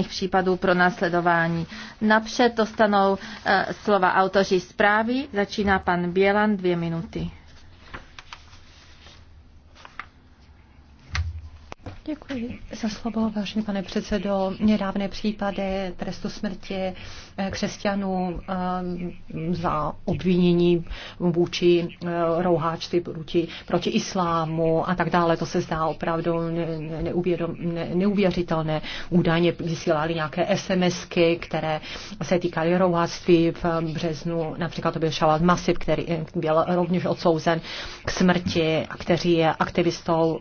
konkrétních případů pro následování. Napřed dostanou eh, slova autoři zprávy. Začíná pan Bělan dvě minuty. Děkuji za slovo, vážený pane předsedo. Nedávné případy trestu smrti eh, křesťanů eh, za obvinění vůči eh, rouháčství proti, proti islámu a tak dále, to se zdá opravdu neuvěřitelné. Údajně vysílali nějaké SMSky, které se týkaly rouháctví v březnu. Například to byl Šalat Masip, který byl rovněž odsouzen k smrti a který je aktivistou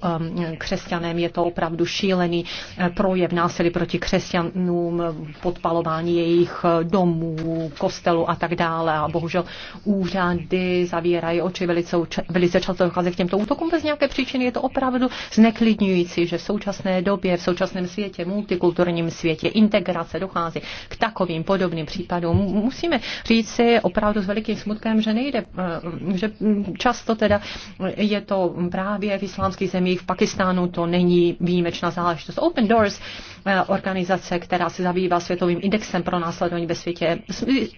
křesťanem. Je to opravdu šílený eh, projev násilí proti křesťanům, podpalování jejich eh, domů, kostelu a tak dále. A bohužel úřady zavírají oči, velice, velice často dochází k těmto útokům bez nějaké příčiny. Je to opravdu zneklidňující, že v současné době, v současném světě, multikulturním světě, integrace dochází k takovým podobným případům. Musíme říct si opravdu s velikým smutkem, že nejde, eh, že mm, často teda je to právě v islámských zemích, v Pakistánu to není výjimečná záležitost. Open Doors, eh, organizace, která se zabývá světovým indexem pro následování ve světě,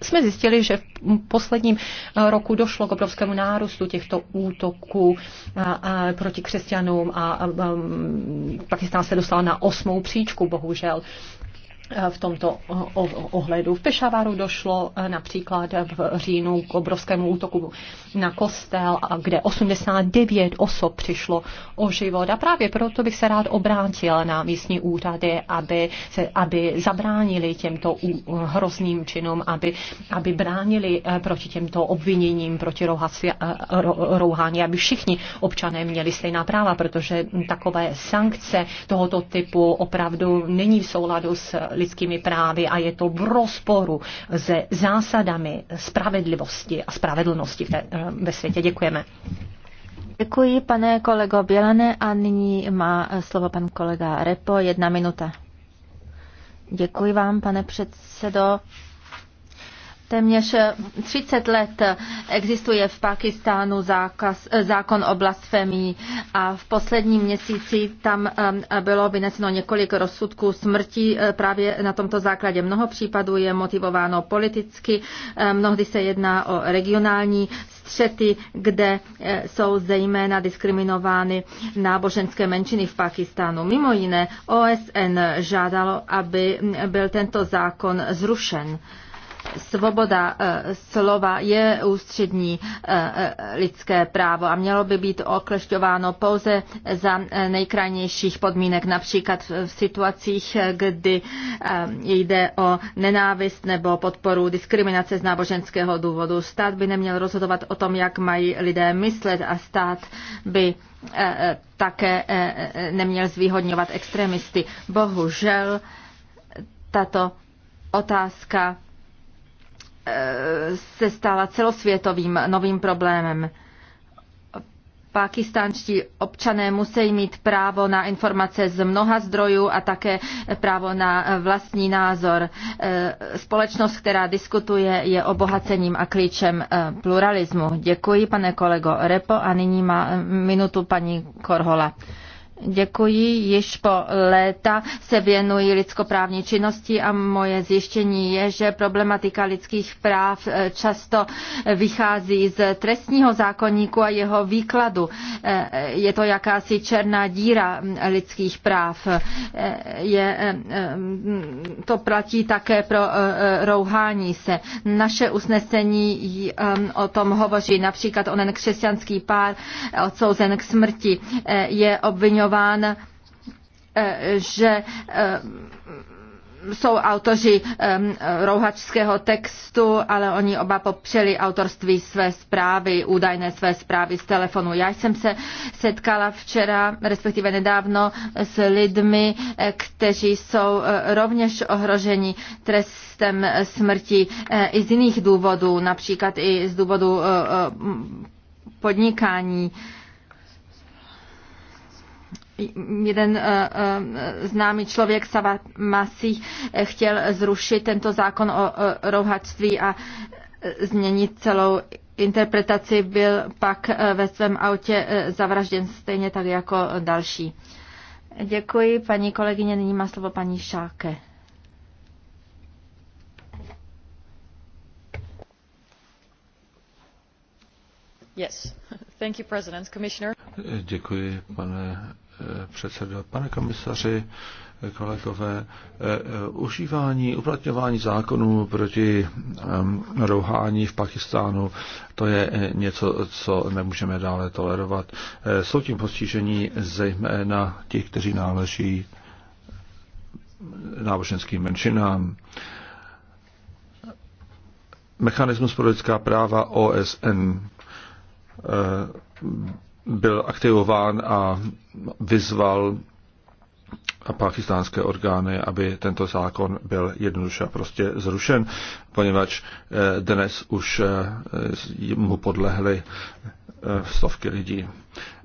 jsme zjistili, že v posledním eh, roku došlo k obrovskému nárůstu těchto útoků eh, proti křesťanům a Pakistán se dostal na osmou příčku, bohužel v tomto ohledu. V Pešavaru došlo eh, například v říjnu k obrovskému útoku na kostel, kde 89 osob přišlo o život. A právě proto bych se rád obrátil na místní úřady, aby, se, aby zabránili těmto hrozným činům, aby, aby bránili eh, proti těmto obviněním, proti rouhaci, eh, rouhání, aby všichni občané měli stejná práva, protože takové sankce tohoto typu opravdu není v souladu s lidskými právy a je to v rozporu se zásadami spravedlivosti a spravedlnosti eh, ve světě. Děkujeme. Děkuji, pane kolego Bělané, a nyní má slovo pan kolega Repo, jedna minuta. Děkuji vám, pane předsedo. Téměř 30 let existuje v Pakistánu zákaz, zákon o blasfemii a v posledním měsíci tam eh, bylo vyneseno několik rozsudků smrti eh, právě na tomto základě. Mnoho případů je motivováno politicky, eh, mnohdy se jedná o regionální střety, kde jsou zejména diskriminovány náboženské menšiny v Pakistánu. Mimo jiné OSN žádalo, aby mm, byl tento zákon zrušen. Svoboda eh, slova je ústřední eh, eh, lidské právo a mělo by být oklešťováno pouze za nejkrajnějších podmínek, například v situacích, kdy jde o nenávist nebo podporu diskriminace z náboženského důvodu. Stát by neměl rozhodovat o tom, jak mají lidé myslet a stát by také neměl zvýhodňovat extremisty. Bohužel tato otázka se stala celosvětovým novým problémem. Pakistánští občané musí mít právo na informace z mnoha zdrojů a také právo na vlastní názor. Společnost, která diskutuje, je obohacením a klíčem eh, pluralismu. Děkuji, pane kolego Repo, a nyní má minutu paní Korhola. Děkuji. Již po léta se věnuji lidskoprávní činnosti a moje zjištění je, že problematika lidských práv eh, často eh, vychází z trestního zákonníku a jeho výkladu. Eh, je to jakási černá díra mm, lidských práv. Je, mm, to platí také pro rouhání se. Naše usnesení hm, o tom hovoří například onen křesťanský pár odsouzen k smrti. Je obvinován informován, eh, že eh, jsou autoři eh, rouhačského textu, ale oni oba popřeli autorství své zprávy, údajné své zprávy z telefonu. Já jsem se setkala včera, respektive nedávno, s lidmi, kteří jsou rovněž ohroženi trestem smrti i z jiných důvodů, například i z důvodu podnikání jeden eh, eh, známý člověk, Sava Masi, eh, chtěl zrušit tento zákon o rouhačství a změnit celou interpretaci, byl pak ve svém autě zavražděn stejně tak jako další. Děkuji, paní kolegyně, nyní má slovo paní Šáke. Yes. Thank you, President, Commissioner. Děkuji, pane předsedo. Pane komisaři, kolegové, užívání, uplatňování zákonů proti rouhání v Pakistánu, to je něco, co nemůžeme dále tolerovat. Jsou tím postižení zejména ti, kteří náleží náboženským menšinám. Mechanismus pro lidská práva OSN eh, byl aktivován a vyzval pakistánské orgány, aby tento zákon byl jednoduše prostě zrušen, poněvadž eh, dnes už eh, mu podlehly eh, stovky lidí.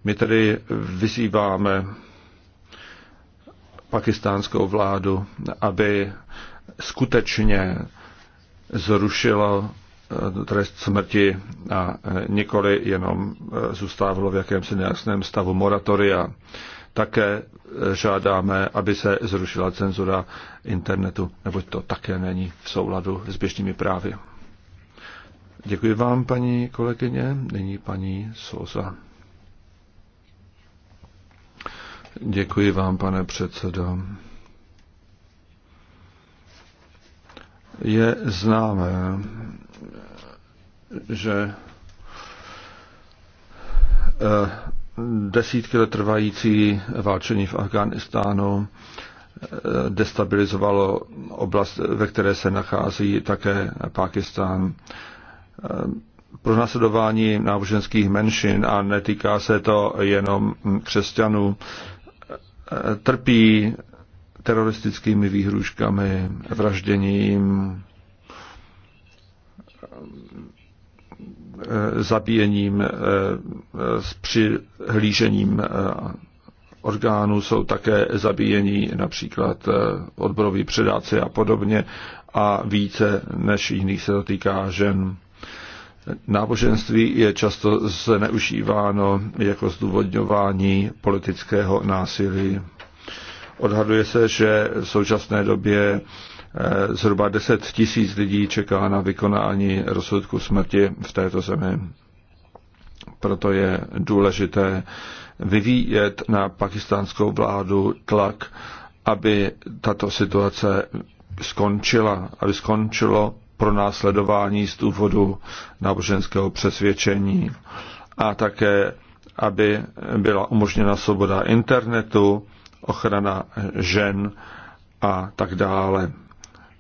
My tedy vyzýváme pakistánskou vládu, aby skutečně zrušilo Eh, trest smrti a eh, nikoli jenom eh, zůstávalo v jakémsi nejasném stavu moratoria. Také žádáme, aby se zrušila cenzura internetu, neboť to také není v souladu s běžnými právy. Děkuji vám, paní kolegyně. Nyní paní Sosa. Děkuji vám, pane předsedo. Je známé, že eh, desítky let trvající válčení v Afganistánu eh, destabilizovalo oblast, ve které se nachází také Pakistán. Eh, Pro nasledování náboženských menšin, a netýká se to jenom křesťanů, trpí teroristickými výhruškami, vražděním, zabíjením, eh, s přihlížením eh, orgánů jsou také zabíjení například eh, odboroví předáci a podobně a více než jiných se dotýká žen. Náboženství je často zneužíváno jako zdůvodňování politického násilí. Odhaduje se, že v současné době eh, zhruba 10 tisíc lidí čeká na vykonání rozsudku smrti v této zemi. Proto je důležité vyvíjet na pakistánskou vládu tlak, aby tato situace skončila, aby skončilo pro následování z důvodu náboženského přesvědčení a také, aby byla umožněna svoboda internetu, ochrana žen a tak dále.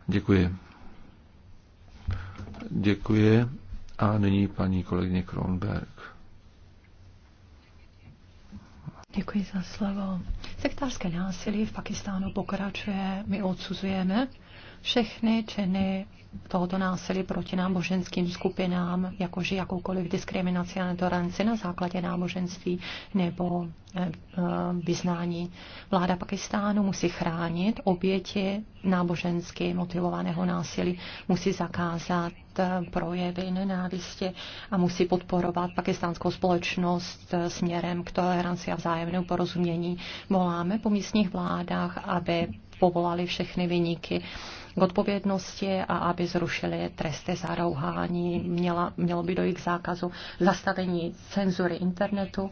Děkuji. Děkuji. A nyní paní kolegyně Kronberg. Děkuji za slovo. Sektářské násilí v Pakistánu pokračuje, my odsuzujeme všechny činy tohoto násilí proti náboženským skupinám, jakože jakoukoliv diskriminaci a netoleranci na základě náboženství nebo eh, eh, vyznání. Vláda Pakistánu musí chránit oběti nábožensky motivovaného násilí, musí zakázat eh, projevy nenávistě a musí podporovat pakistánskou společnost směrem k toleranci a vzájemnému porozumění. Voláme po místních vládách, aby povolali všechny vyníky k odpovědnosti a aby zrušili tresty za rouhání. Měla, mělo by dojít k zákazu zastavení cenzury internetu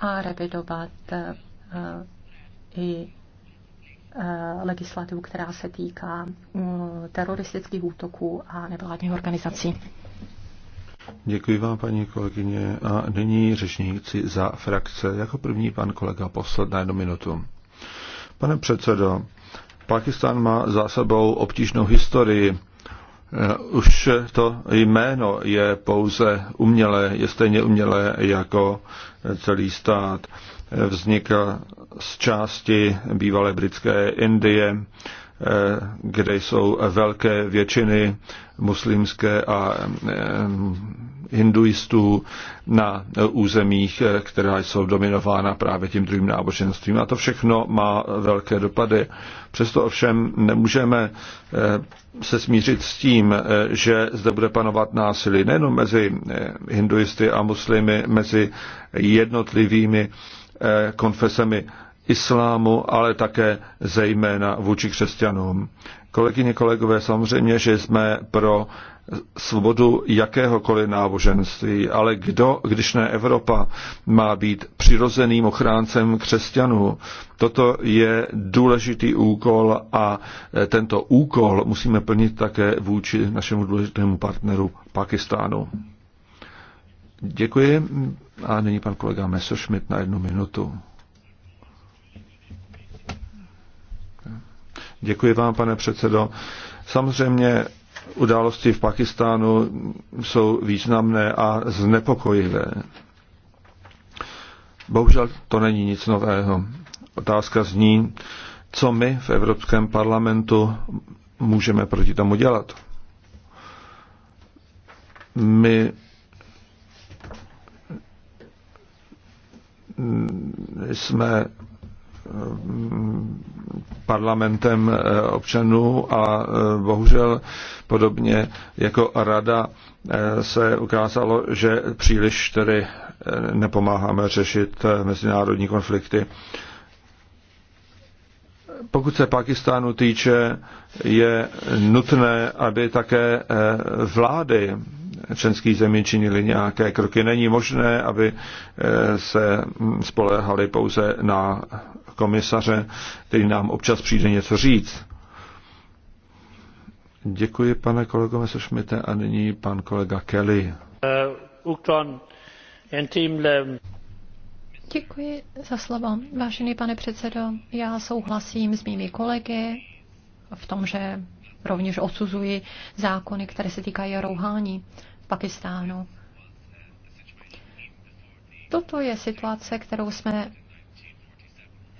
a revidovat eh, eh, i eh, legislativu, která se týká mm, teroristických útoků a nevládních organizací. Děkuji vám, paní kolegyně. A nyní řečníci za frakce. Jako první pan kolega posledná jednu minutu. Pane předsedo, Pakistan má za sebou obtížnou historii. Eh, už to jméno je pouze umělé, je stejně umělé jako eh, celý stát. Eh, vznikl z části bývalé britské Indie, Eh, kde jsou velké většiny muslimské a eh, hinduistů na územích, eh, která jsou dominována právě tím druhým náboženstvím. A to všechno má velké dopady. Přesto ovšem nemůžeme se smířit s tím, že zde bude panovat násilí nejen mezi hinduisty a muslimy, mezi jednotlivými konfesemi islámu, ale také zejména vůči křesťanům. Kolegyně, kolegové, samozřejmě, že jsme pro svobodu jakéhokoliv náboženství, ale kdo, když ne Evropa, má být přirozeným ochráncem křesťanů? Toto je důležitý úkol a tento úkol musíme plnit také vůči našemu důležitému partneru Pakistánu. Děkuji a nyní pan kolega Mesošmit na jednu minutu. Děkuji vám, pane předsedo. Samozřejmě události v Pakistánu jsou významné a znepokojivé. Bohužel to není nic nového. Otázka zní, co my v Evropském parlamentu můžeme proti tomu dělat. My jsme parlamentem eh, občanů a eh, bohužel podobně jako rada eh, se ukázalo, že příliš tedy nepomáháme řešit mezinárodní konflikty. Pokud se Pakistánu týče, je nutné, aby také vlády členský zemí činili nějaké kroky. Není možné, aby se spolehali pouze na komisaře, který nám občas přijde něco říct. Děkuji, pane kolego Messerschmitte, a nyní pan kolega Kelly. Uh, Děkuji za slovo. Vážený pane předsedo, já souhlasím s mými kolegy v tom, že rovněž odsuzuji zákony, které se týkají rouhání v Pakistánu. Toto je situace, kterou jsme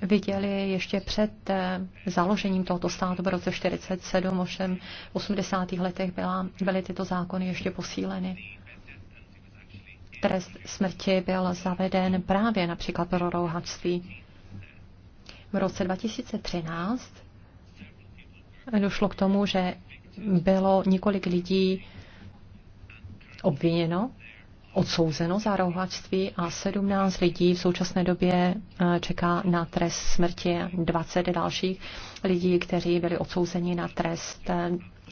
viděli ještě před eh, založením tohoto státu v roce 1947, ovšem v 80. letech byla, byly tyto zákony ještě posíleny. Trest smrti byl zaveden právě například pro rouhačství. V roce 2013 došlo k tomu, že bylo několik lidí obviněno odsouzeno za rohlačství a 17 lidí v současné době eh, čeká na trest smrti. 20 dalších lidí, kteří byli odsouzeni na trest eh,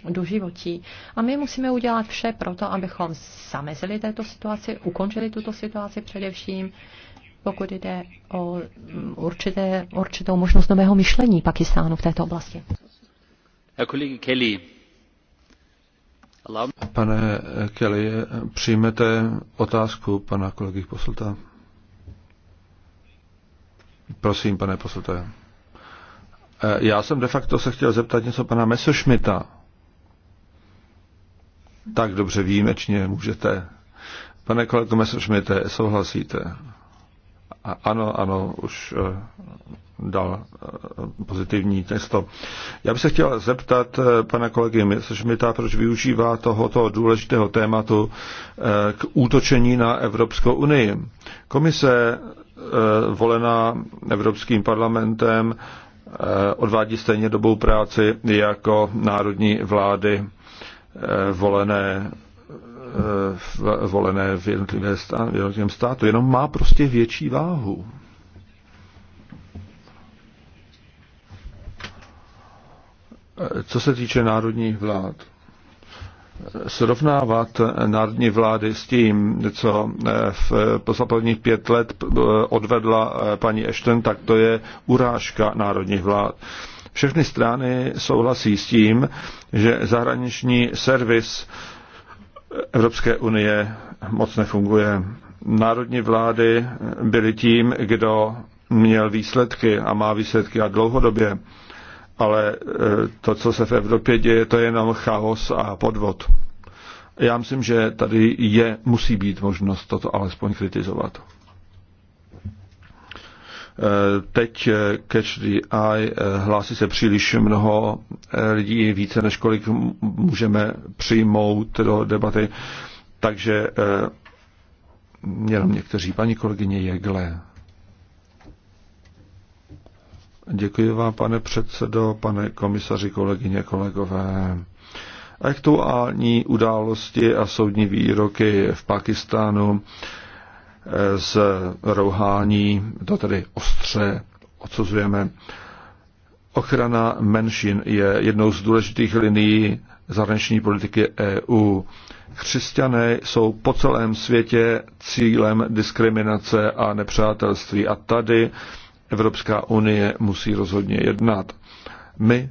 doživotí. A my musíme udělat vše proto, abychom zamezili této situaci, ukončili tuto situaci především, pokud jde o mm, určité, určitou možnost nového myšlení Pakistánu v této oblasti. Herr Kollege Kelly, Pane Kelly, přijmete otázku pana kolegy Poslta? Prosím, pane Poslte. Eh, já jsem de facto se chtěl zeptat něco pana Messerschmitta. Tak dobře, výjimečně můžete. Pane kolego Messerschmitte, souhlasíte? A, ano, ano, už eh, dal eh, pozitivní testo. Já bych se chtěl zeptat eh, pana kolegy Messerschmitta, proč využívá tohoto důležitého tématu eh, k útočení na Evropskou unii. Komise volená Evropským parlamentem odvádí stejně dobou práci jako národní vlády volené volené v jednotlivém státu, jenom má prostě větší váhu. Co se týče národních vlád, srovnávat národní vlády s tím, co eh, v posledních pět let eh, odvedla eh, paní Ashton, tak to je urážka národních vlád. Všechny strany souhlasí s tím, že zahraniční servis Evropské unie moc nefunguje. Národní vlády byly tím, kdo měl výsledky a má výsledky a dlouhodobě ale e, to, co se v Evropě děje, to je jenom chaos a podvod. Já myslím, že tady je, musí být možnost toto alespoň kritizovat. E, teď e, the Eye hlásí se příliš mnoho lidí, více než kolik můžeme přijmout do debaty, takže jenom někteří. Paní kolegyně Jegle. Děkuji vám, pane předsedo, pane komisaři, kolegyně, kolegové. Aktuální události a soudní výroky v Pakistánu eh, z rouhání, to tedy ostře odsuzujeme. Ochrana menšin je jednou z důležitých linií zahraniční politiky EU. Křesťané jsou po celém světě cílem diskriminace a nepřátelství. A tady Evropská unie musí rozhodně jednat. My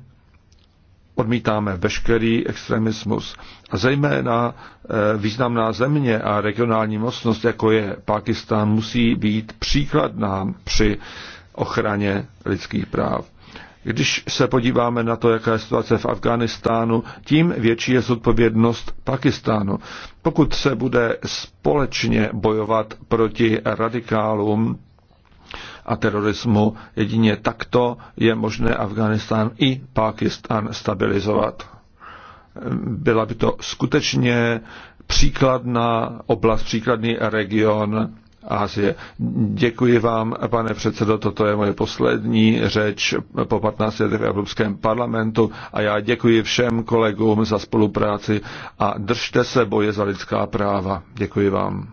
odmítáme veškerý extremismus. A zejména eh, významná země a regionální mocnost, jako je Pakistán, musí být příkladná při ochraně lidských práv. Když se podíváme na to, jaká je situace v Afghánistánu, tím větší je zodpovědnost Pakistánu. Pokud se bude společně bojovat proti radikálům, a terorismu. Jedině takto je možné Afganistán i Pákistán stabilizovat. Byla by to skutečně příkladná oblast, příkladný region Asie. Děkuji vám, pane předsedo, toto je moje poslední řeč po 15 letech v Evropském parlamentu a já děkuji všem kolegům za spolupráci a držte se boje za lidská práva. Děkuji vám.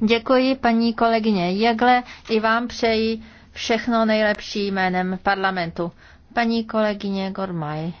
Děkuji paní kolegyně Jegle i vám přeji všechno nejlepší jménem parlamentu. Paní kolegyně Gormaj.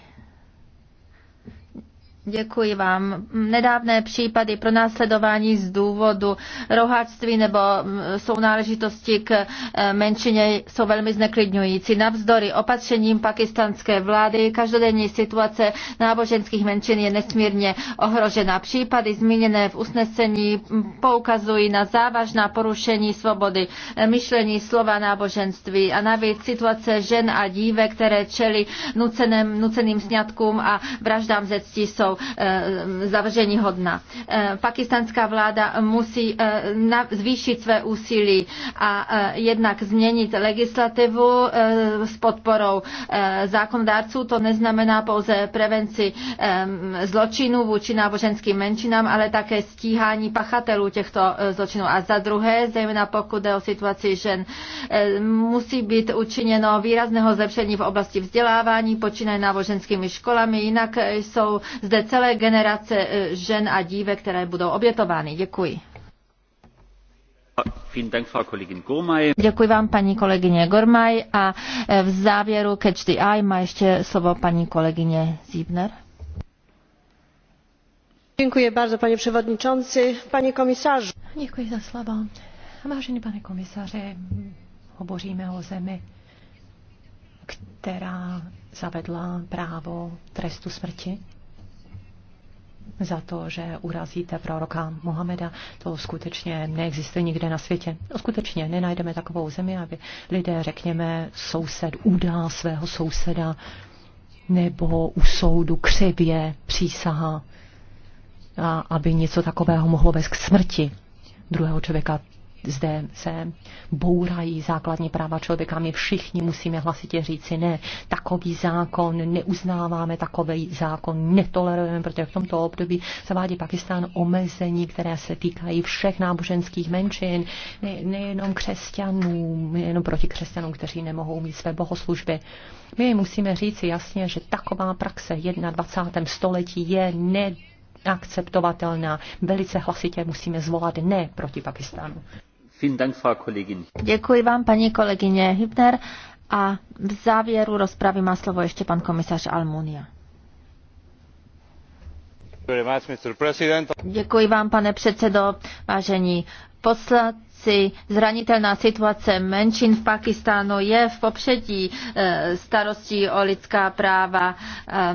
Děkuji vám. Nedávné případy pro následování z důvodu roháctví nebo mm, jsou náležitosti k eh, menšině jsou velmi zneklidňující. Navzdory opatřením pakistanské vlády každodenní situace náboženských menšin je nesmírně ohrožena. Případy zmíněné v usnesení poukazují na závažná porušení svobody eh, myšlení, slova, náboženství a navíc situace žen a dívek, které čeli nuceným, nuceným sňatkům a vraždám ze ctí jsou Eh, zavření hodna. Eh, Pakistánská vláda musí eh, zvýšit své úsilí a jednak změnit legislativu s podporou zákonodárců. To neznamená pouze prevenci zločinů vůči náboženským menšinám, ale také stíhání pachatelů těchto zločinů. A za druhé, zejména pokud jde o situaci žen, musí být učiněno výrazného zlepšení v oblasti vzdělávání, počínaje náboženskými školami, jinak jsou zde celé generace e, žen a dívek, které budou obětovány. Děkuji. Děkuji vám, paní kolegyně Gormaj. A e, v závěru Catch the Eye má ještě slovo paní kolegyně Zibner. Děkuji bardzo, pane převodničonci, pane komisaři. Děkuji za slovo. Vážený pane komisáře, hovoříme o zemi, která zavedla právo trestu smrti za to, že urazíte proroka Mohameda. To skutečně neexistuje nikde na světě. No, skutečně nenajdeme takovou zemi, aby lidé, řekněme, soused udá svého souseda nebo u soudu křivě přísahá, a aby něco takového mohlo vést k smrti druhého člověka zde se bourají základní práva člověka. My všichni musíme hlasitě říci ne, takový zákon neuznáváme, takový zákon netolerujeme, protože v tomto období zavádí Pakistán omezení, které se týkají všech náboženských menšin, ne, nejenom křesťanů, nejenom proti křesťanům, kteří nemohou mít své bohoslužby. My musíme říci jasně, že taková praxe 21. století je ne akceptovatelná. Velice hlasitě musíme zvolat ne proti Pakistánu. Děkuji vám, paní kolegyně Hübner. A v závěru rozpravy má slovo ještě pan komisař Almunia. Děkuji vám, pane předsedo, vážení poslanci situaci, Zranitelná situace menšin v Pakistánu je v popředí eh, starostí o lidská práva eh,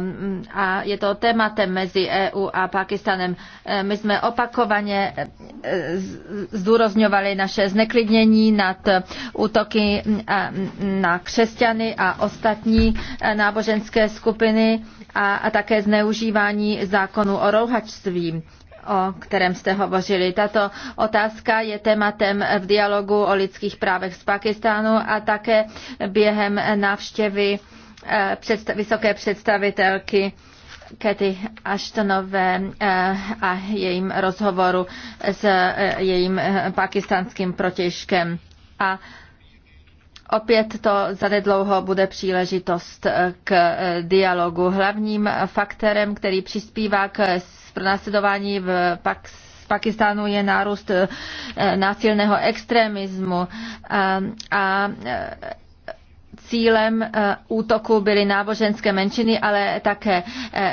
a je to tématem mezi EU a Pakistanem. Eh, my jsme opakovaně zdůrozňovali naše zneklidnění nad útoky na křesťany a ostatní náboženské skupiny a také zneužívání zákonu o rouhačství o kterém jste hovořili. Tato otázka je tématem v dialogu o lidských právech z Pakistánu a také během návštěvy eh, vysoké představitelky Kety Ashtonové eh, a jejím rozhovoru s eh, jejím pakistánským protěžkem. A Opět to zanedlouho bude příležitost k dialogu. Hlavním faktorem, který přispívá k pronásledování v Pakistánu Pakistánu je nárůst eh, násilného extremismu eh, a eh, cílem útoku byly náboženské menšiny, ale také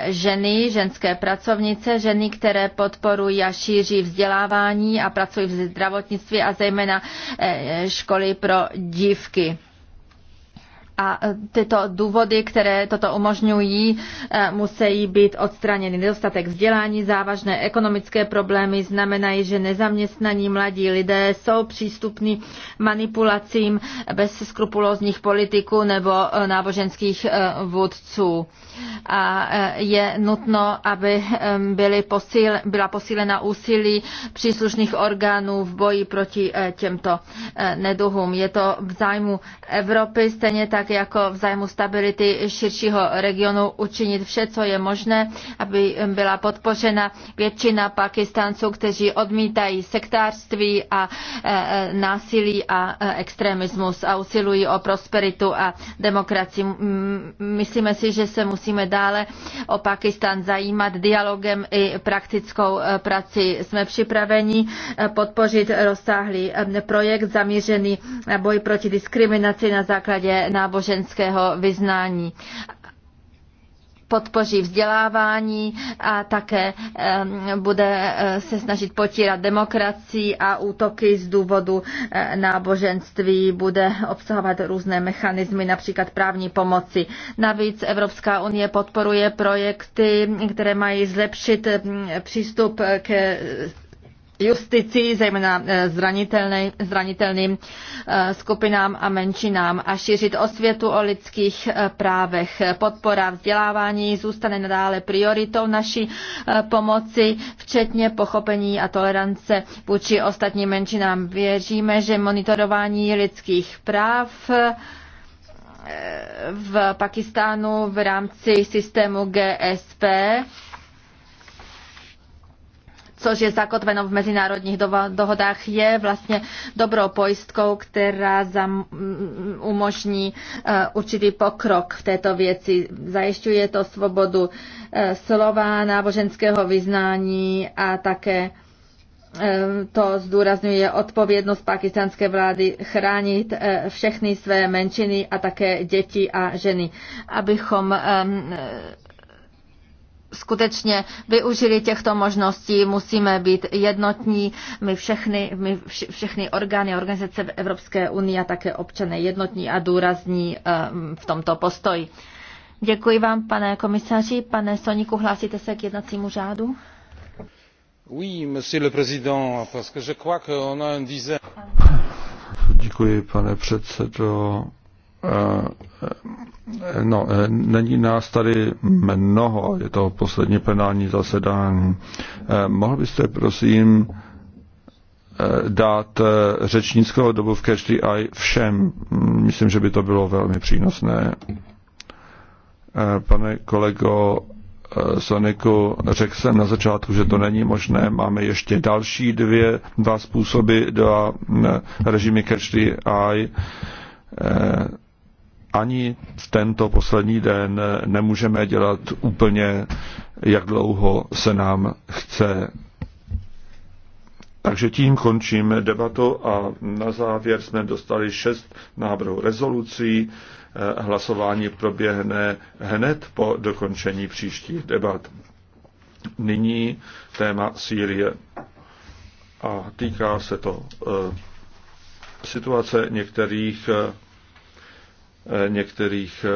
ženy, ženské pracovnice, ženy, které podporují a šíří vzdělávání a pracují v zdravotnictví a zejména školy pro dívky a e, tyto důvody, které toto umožňují, e, musí být odstraněny. Nedostatek vzdělání, závažné ekonomické problémy znamenají, že nezaměstnaní mladí lidé jsou přístupní manipulacím bez skrupulózních politiků nebo e, náboženských vůdců. A je nutno, aby byly posíl, byla posílena úsilí příslušných orgánů v boji proti těmto neduhům. Je to v zájmu Evropy, stejně tak tak jako v zájmu stability širšího regionu učinit vše, co je možné, aby byla podpořena většina Pakistánců, kteří odmítají sektářství a e, e, násilí a e, extremismus a usilují o prosperitu a demokracii. Myslíme si, že se musíme dále o Pakistán zajímat dialogem i praktickou prací. Jsme připraveni podpořit rozsáhlý projekt zaměřený na boj proti diskriminaci na základě náboženství náboženského vyznání podpoří vzdělávání a také bude eh, se snažit potírat demokracii a útoky z důvodu eh, náboženství, bude obsahovat různé mechanismy, například právní pomoci. Navíc Evropská unie podporuje projekty, které mají zlepšit mm, přístup k justici, zejména eh, zranitelným eh, skupinám a menšinám a šířit osvětu o lidských eh, právech. Podpora vzdělávání zůstane nadále prioritou naší pomoci, včetně pochopení a tolerance vůči ostatním menšinám. Věříme, že monitorování lidských práv v Pakistánu v rámci systému GSP což je zakotveno v mezinárodních dohodách, je vlastně dobrou pojistkou, která umožní e, určitý pokrok v této věci. Zajišťuje to svobodu e, slova, náboženského vyznání a také e, to zdůrazňuje odpovědnost pakistánské vlády chránit všechny své menšiny a také děti a ženy, abychom skutečně využili těchto možností, musíme být jednotní, my všechny, my všechny orgány, organizace v Evropské unii a také občané jednotní a důrazní eh, v tomto postoji. Děkuji vám, pane komisaři. Pane Soniku, hlásíte se k jednacímu řádu? Oui, monsieur le président, parce que je crois qu'on a un dizaine... Děkuji, pane předsedo. Eh, no, eh, není nás tady mnoho, je to poslední plenární zasedání. Eh, mohl byste, prosím, dát řečnického dobu v Catch i všem? Mm, myslím, že by to bylo velmi přínosné. Pane kolego Soniku, řekl jsem na začátku, že to není možné. Máme ještě další dvě, dva způsoby, dva režimy Catch i ani v tento poslední den nemůžeme dělat úplně, jak dlouho se nám chce. Takže tím končím debatu a na závěr jsme dostali šest návrhů rezolucí. Hlasování proběhne hned po dokončení příštích debat. Nyní téma Sýrie. A týká se to eh, situace některých eh, Eh, některých eh,